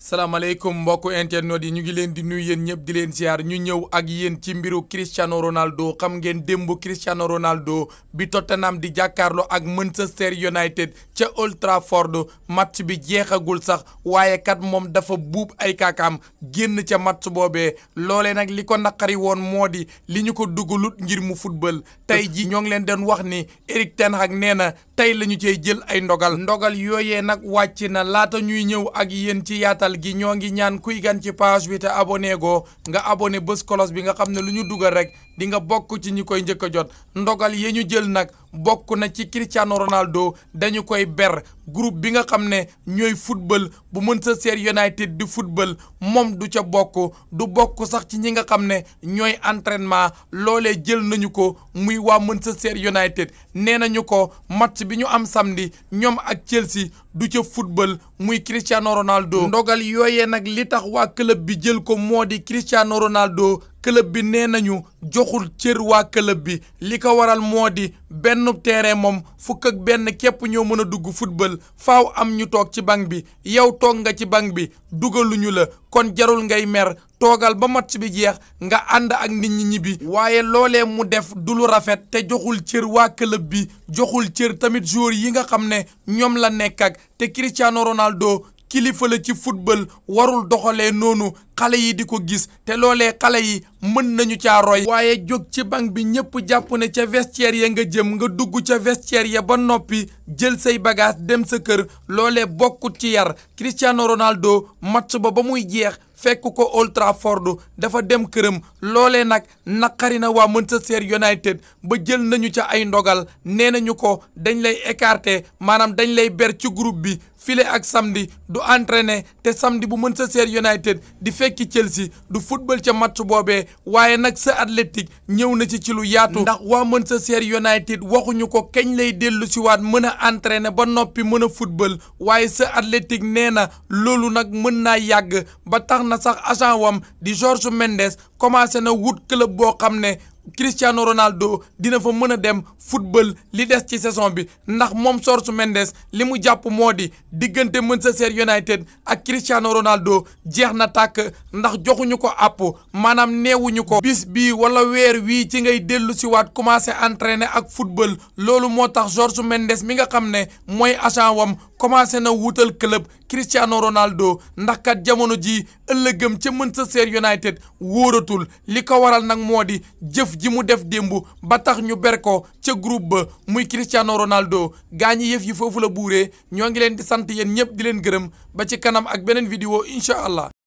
salaamaaleykum mbokku internet yi ñu ngi leen di nuyu yéen ñëpp di leen ziar ñu ñëw ak yéen ci mbiru Cristiano Ronaldo xam ngeen démb Cristiano Ronaldo bi Tottenham di jàkkaarloo ak Manchester United ca Old Trafford match bi jeexagul sax waaye kat moom dafa buub ay kaakaam génn ca match boobee loole nag li ko naqari woon moo di li ñu ko dugg lu ngir mu football tey ji ñoo ngi leen doon wax ni Erik ten ak nee na tey la ñu cey jël ay ndogal ndogal yooyee nag wàcc na laata ñuy ñëw ak yéen leeral gi ñoo ngi ñaan kuy gan ci page bi te abonné go nga abonné bés kolos bi nga xam ne lu ñu dugal rek di nga bokk ci ñu koy njëkk a jot ndogal yi ñu jël nag bokk na ci Cristiano Ronaldo dañu koy ber groupe bi nga xam ne ñooy football bu Manchester United di football moom du ca bokk du bokk sax ci ñi nga xam ne ñooy entraînement loole jël nañu ko muy waa Manchester United nee nañu ko match bi ñu am samedi ñoom ak Chelsea du ca football muy Cristiano Ronaldo ndogal yooye nag li tax waa club bi jël ko moo di Cristiano Ronaldo club bi nee nañu joxul cër waa club bi li ko waral moo di benn terrain moom fukk ak benn képp ñoo mën a dugg football faw am ñu toog ci banc bi yow toog nga ci banc bi dugaluñu la kon jarul ngay mer toogal ba match bi jeex nga ànd ak nit ñi ñibbi waaye loole mu def du lu rafet te joxul cër waa club bi joxul cër tamit jour yi nga xam ne ñoom la nekk ak te Cristiano Ronaldo kilifa la ci football warul doxalee noonu xale yi di ko gis te loole xale yi mën nañu caa roy waaye jóg ci banc bi ñëpp jàpp ne ca vestiaire ya nga jëm nga dugg ca vestiaire ya ba noppi jël say bagage dem sa kër loolee bokkut ci yar Cristiano Ronaldo match ba ba muy jeex fekk ko Old Trafford dafa dem këram loole nag naqari na waa Manchester United ba jël nañu ca ay ndogal nee nañu ko dañ lay écarter maanaam dañ lay ber ci groupe bi file ak samdi du entraîner te samdi bu mën sa Manchester United di fekki Chelsea du football ca match boobee waaye nag sa Athletic ñëw na ci ci lu yaatu. ndax waa mën sa Manchester United waxuñu ko keñ lay dellusiwaat si waat mën a entraîner ba noppi mën a football waaye sa Athletic nee na loolu nag mën naa yàgg ba na sax agent wam di George Mendes commencé na wut club boo xam ne Cristiano Ronaldo dina fa mën a dem football li des ci saison bi ndax moom George Mendes li mu jàpp moo di diggante mën Manchester United ak Cristiano Ronaldo jeex na tàkk ndax joxuñu ko àpp maanaam neewuñu ko bis bi wala weer wii ci ngay dellu si waat commencé entraîner ak football loolu moo tax George Mendes mi nga xam ne mooy agent wam commencé na wutal club Cristiano Ronaldo ndax kat jamono jii ëllëgëm ca mën Manchester United wóoratul li ko waral nag moo di jëf ji mu def démb ba tax ñu ber ko ca groupe ba muy Cristiano Ronaldo gaa ñi yëf yi foofu la buuree ñoo ngi leen di sant yéen ñëpp di leen gërëm ba ci kanam ak beneen vidéo incha allah.